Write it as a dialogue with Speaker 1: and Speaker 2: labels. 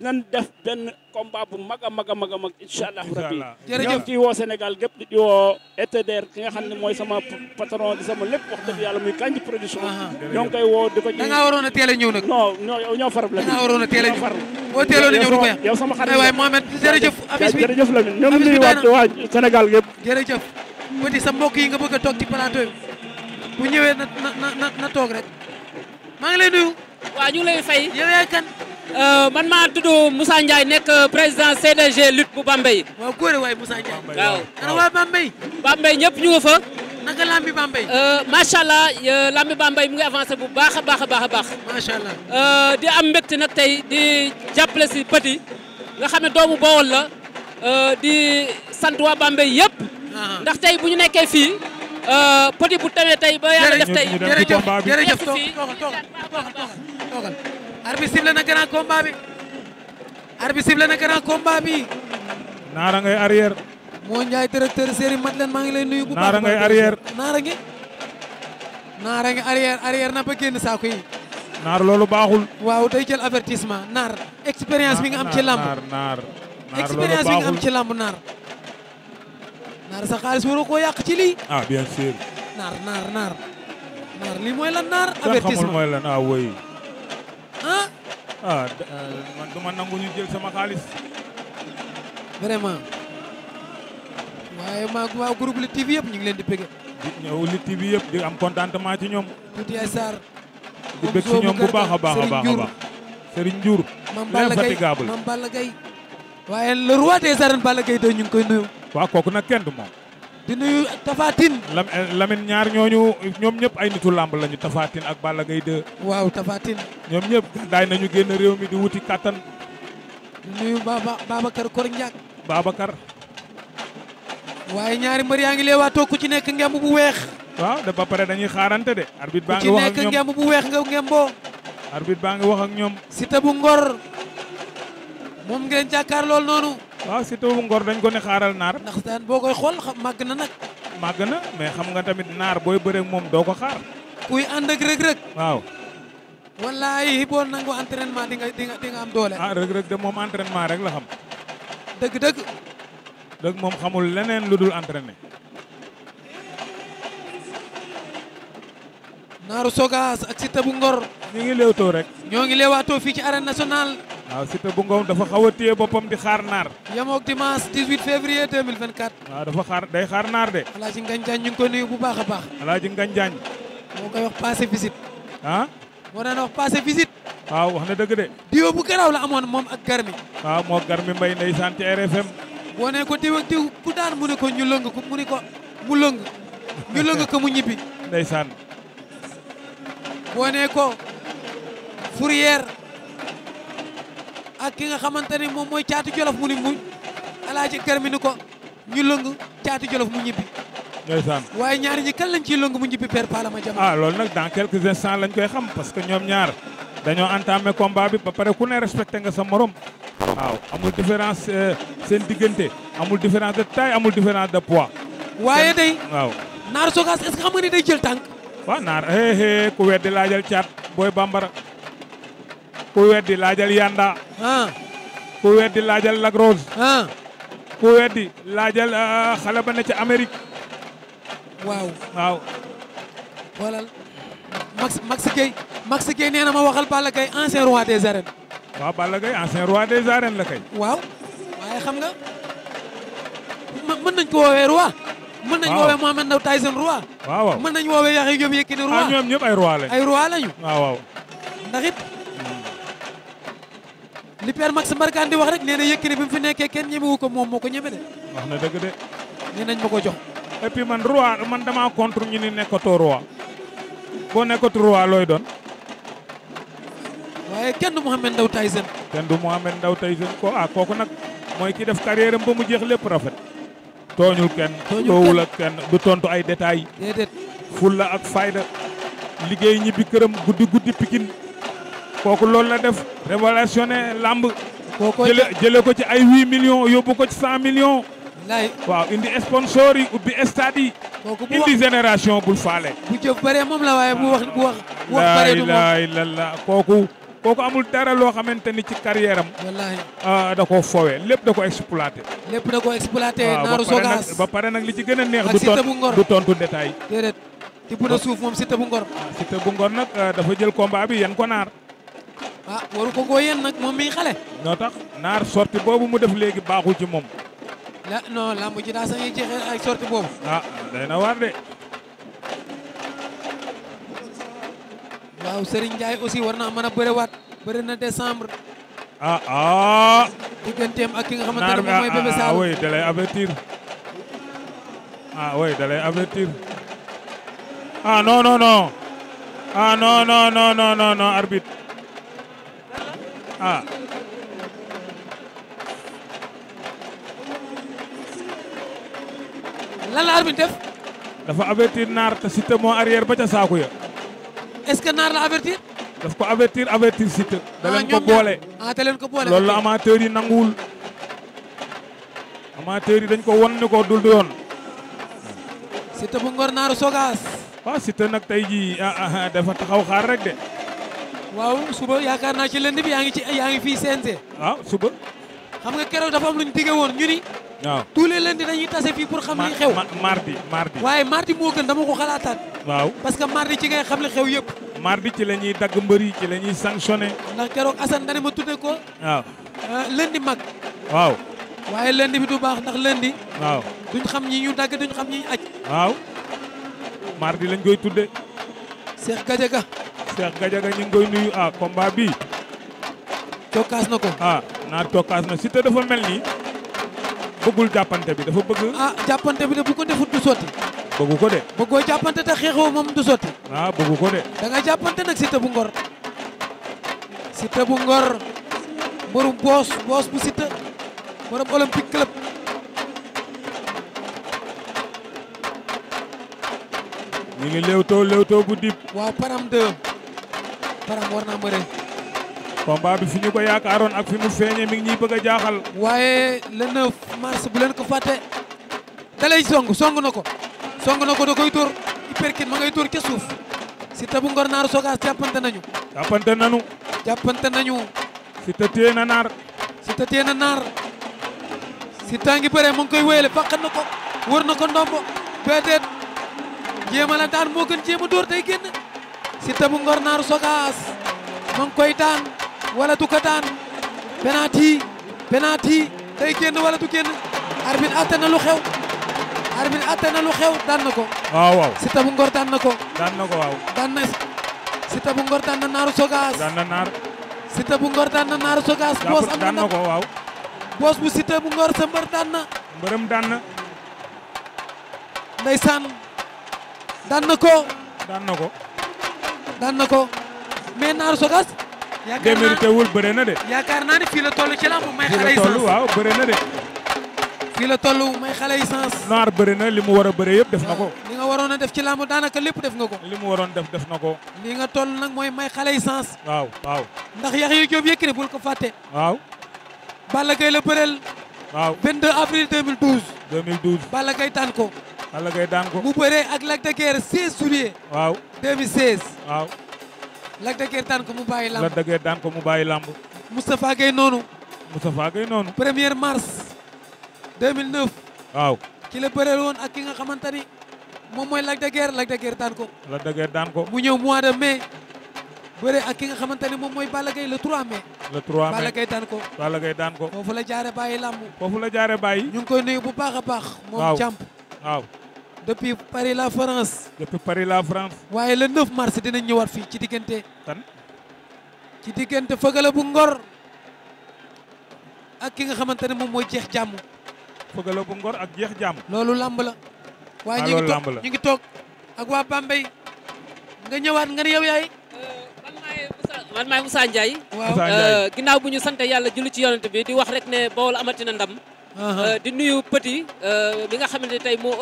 Speaker 1: nan def benn combat bu mag a mag a mag a mag incha allahu rabbi jërëjëf a woo Sénégal di ne mooy sama patron di sama lépp wax dëgg yàlla muy Kandji production ñoo ngi koy woo di ko ci a teel a ñëw a a a ñëw du ko yow sama xarit waay sa mbokk yi nga bëgg a toog ci plateau bi bu ñëwee na na na toog rek maa ngi lay nuyu waa ñu lay fay yow yaay Euh, man maa tudd Moussa Ndiaye nekk président CDG lutte bu Bambey. waaw góore waay Moussa Ndiaye. waaw ana waa Bambey. Bambey ñëpp ñu fa. naka lambi Bambey. Euh, macha allah euh, lambi Bambey mu ngi avancé bu baax a baax a baax a baax. macha allah di am mbégte nag tey di jàppale si Petit nga xam ne doomu Bawol la di sant waa Bambey yëpp. Ah. ndax tey bu ñu nekkee fii. Petit bu tawee tey ba yàlla def tey. jërëjëf jërëjëf toogal arbitre sifflé na grand combat bi arbitre sifflé na grand combat bi naara ngay arrière moo njaay directeur Serigne mat leen maa ngi lay nuyu bu baax naara ngay arrière naara na ba génn saako yi naar loolu baaxul waaw day jël avertissement naar expérience bi nga am ci lamb naar expérience bi nga am naar naar sa xaalis waroo koo yàq ci lii ah, naar naar naar lii mooy lan naar avertissement ah man ah, du ma nangu ñu jël sama xaalis. vraiment. waaye maa waa groupe Lutte TV yëpp ñu ngi leen di bëgg. di ñëw Lutte TV yëpp di am contentement ci ñoom. tuuti ay Sarr.
Speaker 2: di bëgg ci ñoom bu baax a baax a baax a baax.
Speaker 1: Serigne Ndiour l'infatigable Mame Balla Gaye waaye le roi des arènes Balla Gaye ñu ngi koy nuyu. waaw kooku nag kenn du moom. di nuyu Tafatine. Eh, Lamine ñaar ñooñu ñoom ñëpp ay nitu làmb lañu Tafatine ak Balla Gaye 2. waaw Tafatine. ñoom ñëpp daay nañu génn réew mi di wuti kàttan di nuyu Baba Babacar Kor Ndiak. Babacar. waaye ñaari mbër yaa ngi lee waatoo ku ci nekk ngemb bu weex. waaw da ba dañuy xaarante de. arbitre baa ngi wax ak ñoom ku ci bu weex nga ngemboo. baa ngi wax ak ñoom. Siteu bu Ngor. moom ngeen jàkkaar lool noonu. waaw Siteu bu Ngor dañ ko ne xaaral naar. ndax daan boo koy xool xam màgg na nag. màgg na mais xam nga tamit naar booy bëree moom doo ko xaar. kuy ànd ak Reug Reug. waaw. wallaay boo nangu entraînement di nga di nga di am doole. ah Reug Reug de moom entraînement rek la xam. dëgg dëgg. Reug moom xamul leneen lu dul entraîné. naaru Sogas ak Siteu bu Ngor. ñu ngi léewtoo rek. ñoo ngi leewaatoo fii ci arène nationale. waaw Siteu bu ngoom dafa xaw a téye boppam di xaar naar yemook dimanche 18 février 2024 waaw dafa xaar day xaar naar de alaaji Nganjaañ ñu ngi ko nuyu bu baax a baax alaaji Nganjaañ moo koy wax passé visite ah moo daan wax passé visite waaw wax na dëgg de diwo bu garaaw la amoon moom ak garmi waaw moo garmi mbay ndeysaan ci RFM boo ne ko diw ak diw ku daan mu ko ñu lëng ko mu ne ko mu lëng ñu lëng ko mu ñibbi ndeysaan boo ne ko fourrière ak ki nga xamante ni moom mooy caatu jolof mu ni muñ alaaji termine ko ñu lëng caatu jolof mu ñibbi ndeysaan waaye ñaar ñi kan lañ ciy lëng mu ñibbi père palama jam ah loolu nag dans quelques instants lañ koy xam parce que ñoom ñaar dañoo entamé combat bi ba pare ku ne respecté nga sa morom waaw amul différence euh, seen diggante amul différence de taille amul différence de poids waaye day waaw naar sogaas est-ce que xam nga ni day jël tànk waaw naar hee hee booy bambara ku weddi laajal Yanda. ku weddi laajal Lac Rose. ku weddi laajal ah, xale ba ne ca Amérique. waaw waaw. xoolal Max Max Gueye Max Gueye nee na ma waxal Balla Gaye ancien roi des arènes. waaw Balla Gaye ancien roi des arènes la kay. waaw waaye xam nga mën nañ ko woowee roi. waaw mën nañu woowee Mohamed Ndao Tyson roi. waaw waaw ah, waaw waaw. ndax li Père Max Mbargane di wax rek nee na Yékini bi mu fi nekkee kenn ñemewu ko moom moo ko ñeme de. wax na dëgg de. nee nañ ma ko jox. et puis man roi man dama contre ñu ni nekkatoo roi. boo nekkatu roi looy doon. waaye kenn du Mouhamed Ndao Tyson. kenn du Mouhamed Ndao ko ah kooku nag mooy ki def carrière am ba mu jeex lépp rafet. tooñul kenn toowul ak kenn du tontu ay détails. déedéet. fulla ak fayda. liggéey ñibbi këram guddi guddi pikin. kooku loolu la def révolutionné lamb. kooku jële ko ci ay 8 millions yóbbu ko ci 100 millions. waaw indi sponsor yi ubbi stade yi. indi génération bul faale. bu jëf bare moom la waaye bu wax bu wax. bare du moom la ilaha kooku. kooku amul dara loo xamante ni ci carrière am. wallaahi ah, da koo fowe lépp da ko exploité. lépp da ko exploité ah, naaru sogaas ba pare nag li ci gën a neex. du tontu du tontu détail. déedéet tibb na suuf moom Siteu bu Ngor. Ah, Siteu bu Ngor nag dafa jël combat bi yan ko naar. a ah, waru ko koo yéen nag moom miy xale. noo tax naar sorti boobu mu def léegi baaxul ci moom. la non lamb ji daa sañuy jeexee ak sorti boobu. ah day na war de. waaw Serigne Ndiaye aussi war naa mën a bëriwaat bëri na décembre. ah ah. digganteem ak ki nga xamante ne ah, ah, avertir. ah oui da lay avertir. ah non non non. ah lan la def dafa avertir naar te Siteu moo arrière ba ca saaku ya est-ce que naar daf ko avertir avertir Siteu da ah, ko boole ah da leen ko boole loolu yi nanguwul yi dañ ko won ni ko dul du yoon Siteu bu ngor naaru sogaas waaw Siteu nag tey ji ah, ah, dafa taxaw xaar rek de waaw suba yaakaar naa ci lënd bi yaa ngi ci yaa ngi fii CNG. waaw ah, suba. xam nga keroog dafa am lu ñu dige woon ñu ni. waaw tous les lundis dañuy tase fii pour xam li xew. mardi mardi. waaye mardi moo gën dama ko xalaataat. waaw parce que mardi ci ngay xam li xew yëpp. mardi ci la ñuy dagg mbër yi ci la ñuy sanctionné. ndax keroog Assane dana ma tudde ko. waaw euh, lundi mag. waaw. waaye lundi bi du baax ndax lundi. waaw duñ xam ñi ñu dagg duñ xam ñi ñu aj. waaw mardi lañ koy tudde Cheikh Gadiaga Cheikh Gadiaga ñu ngi nuyu ah combat bi tokkaas na ko ah naar tokkaas na Siteu dafa mel ni bëggul jàppante bi dafa bëgg a ah, jàppante bi de bu ko defut du sotti bëggu ko jàppante te xeexoo moom du sotti ah bëggu ko de da jàppante nag Siteu bu ngor Siteu bu ngor mbërum boos boos bu Siteu mbërum olympique club ñu ngi léewtoo léewtoo bu dib waaw param de parang war naa bëre combat fi ñu ko yaakaaroon ak fi mi ngi ñuy bëgg a jaaxal waaye le 9 mars bu leen ko fàtte dalay song song na ko song na ko da koy tóor hyperkit ma ngay tóor ca suuf Siteu bu Ngor Naaru nañu jàppante nañu jàppante nañu Siteu téye na naar Siteu téye na naar Siteu ngi bëre mu ngi koy wéyale fàqat na ko wër na ko ndombo déedéet jéem a la daan day génn Siteu bu Ngor Naaru Sogas ma koy daan wala du ko daan penalty penalty day génn wala du génn arbitre atte na lu xew arbitre atte na lu xew daan na ko waaw waaw Siteu bu Ngor daan na ko daan na ko waaw daan bu Ngor daan na Naaru Sogas boos am daan na ko waaw boos bu Siteu bu Ngor sa mbër daan na mbërëm daan na ndeysaan daan na ko daan na ko daan na ko mais Naar Sogas. yaakaar naa démérité wul bëre na de. yaakaar naa ne fii la toll ci lamb may xale yi sens waaw bëre na toll may xale yi sens. Naar bëre na li mu war a bëre yëpp def na ko. li nga waroon a def ci lamb daanaka lépp def nga ko. li mu waroon def def na ko. li nga toll nag mooy may xale yi sens. waaw waaw. ndax yax yu Diop Yékini bul ko fàtte. waaw. Balla Gaye la bëreel. waaw 22 avril 2012. 2012 Balla Gaye taan ko. Balla Gaye daan bu bëree ak Lac de Guiers 16 juillet. waaw 2016. waaw. Lac de Guiers daan ko mu bàyyi lamb. Lac de Guiers daan mu bàyyi lamb. Moustapha Gueye noonu. Moustapha noonu. 1er mars 2009. waaw ki la bëreel woon ak ki nga xamante ni moom mooy Lac de Guiers Lac de ko. Lac de Guiers mu ñëw mois de mai. bëre ak ki nga xamante ni moom mooy Balla Gaye le 3 mai. le 3 mai Balla Gaye daan ko. Balla Gaye daan ko. foofu la jaare bàyyi lamb. foofu la jaare bàyyi. ñu ngi koy nuyu bu baax a baax. moom jàmp waaw. depuis Paris la France. depuis Paris la France. waaye le 9 mars dinañ ñëwaat fii ci diggante. tan ci diggante Feugeleu bu Ngor ak ki nga xamante ne moom mooy jeex jàmm. Feugeleu bu Ngor ak jeex jàmm. loolu làmb la. waaye ah, ñu ngi toog ak waa Bambey. nga ñëwaat nga ne yow yaay. man maay Moussa Ndiaye. waaw euh, ginnaaw bu ñu sant yàlla julli ci yonent bi di wax rek ne Bawol amatina ndam. Euh, di nuyu petit bi euh, nga xamante ne tey moo.